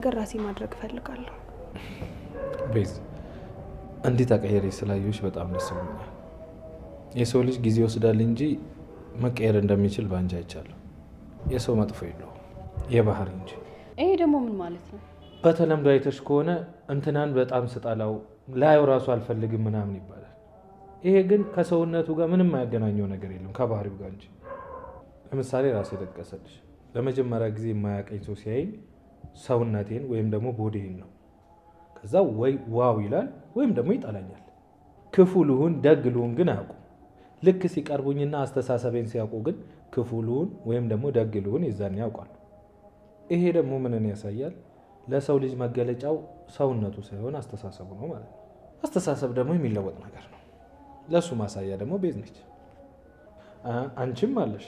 ነገር ራሴ ማድረግ እፈልጋለሁ። ቤዝ እንዴት አቀየሬ ስላየሁሽ በጣም ደስ ብሎኛል። የሰው ልጅ ጊዜ ይወስዳል እንጂ መቀየር እንደሚችል በአንቺ አይቻለሁ። የሰው መጥፎ የለውም የባህር እንጂ። ይሄ ደግሞ ምን ማለት ነው? በተለምዶ አይተሽ ከሆነ እንትናን በጣም ስጠላው ላየው ራሱ አልፈልግም ምናምን ይባላል። ይሄ ግን ከሰውነቱ ጋር ምንም የማያገናኘው ነገር የለም ከባህሪው ጋር እንጂ። ለምሳሌ ራሴ የጠቀሰልሽ ለመጀመሪያ ጊዜ የማያቀኝ ሰው ሲያይኝ ሰውነቴን ወይም ደግሞ ቦዴን ነው። ከዛ ወይ ዋው ይላል ወይም ደግሞ ይጠላኛል። ክፉ ልሁን ደግ ልሁን ግን አያውቁም። ልክ ሲቀርቡኝና አስተሳሰቤን ሲያውቁ ግን ክፉ ልሁን ወይም ደግሞ ደግ ልሁን ይዛን ያውቃሉ። ይሄ ደግሞ ምንን ያሳያል? ለሰው ልጅ መገለጫው ሰውነቱ ሳይሆን አስተሳሰቡ ነው ማለት ነው። አስተሳሰብ ደግሞ የሚለወጥ ነገር ነው። ለእሱ ማሳያ ደግሞ ቤዝ ነች፣ አንቺም አለሽ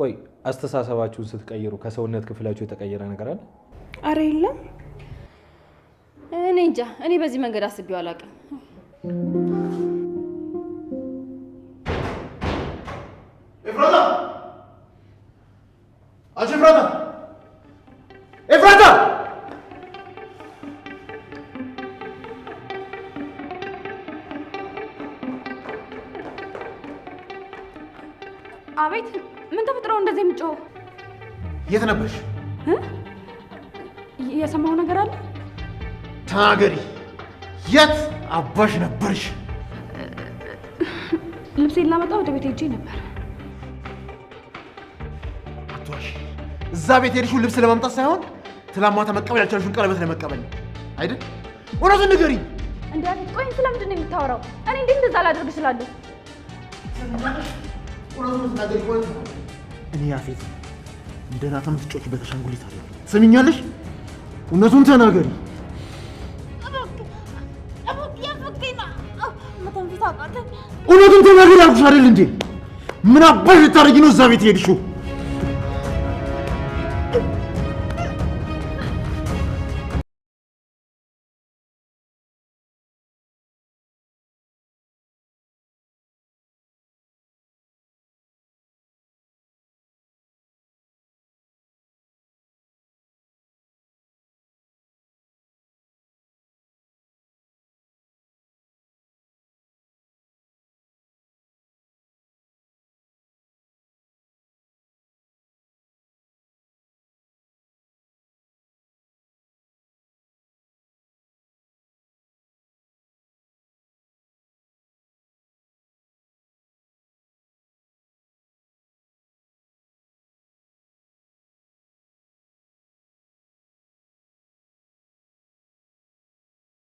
ቆይ አስተሳሰባችሁን ስትቀይሩ ከሰውነት ክፍላችሁ የተቀየረ ነገር አለ? አረ የለም። እኔ እንጃ፣ እኔ በዚህ መንገድ አስቤው አላውቅም። አቤት ምን ተፈጥሮ እንደዚህ የምጮኸው? የት ነበርሽ? የሰማው ነገር አለ? ተናገሪ። የት አባሽ ነበርሽ? ልብሴን ላመጣ ወደ ቤት ሄጄ ነበር። አትዋሽ። እዛ ቤት ሄድሽው ልብስ ለማምጣት ሳይሆን ትላማ ተመቀበል ያልቻልሽውን ቀለበት ለመቀበል አይደል? እውነቱን ንገሪ። እንዴ ቆይ ስለምንድን ነው የምታወራው? እኔ እንዴት እንደዛ ላደርግ እችላለሁ? እኔ ያፌት እንደ ናት የምትጮችበት በተሻንጉሊት አለ። ሰሚኛለሽ? እውነቱን ተናገሪ። እውነቱን ተናገሪ አልኩሽ አይደል እንዴ? ምን አባሽ ልታደርጊ ነው እዛ ቤት ሄድሽው?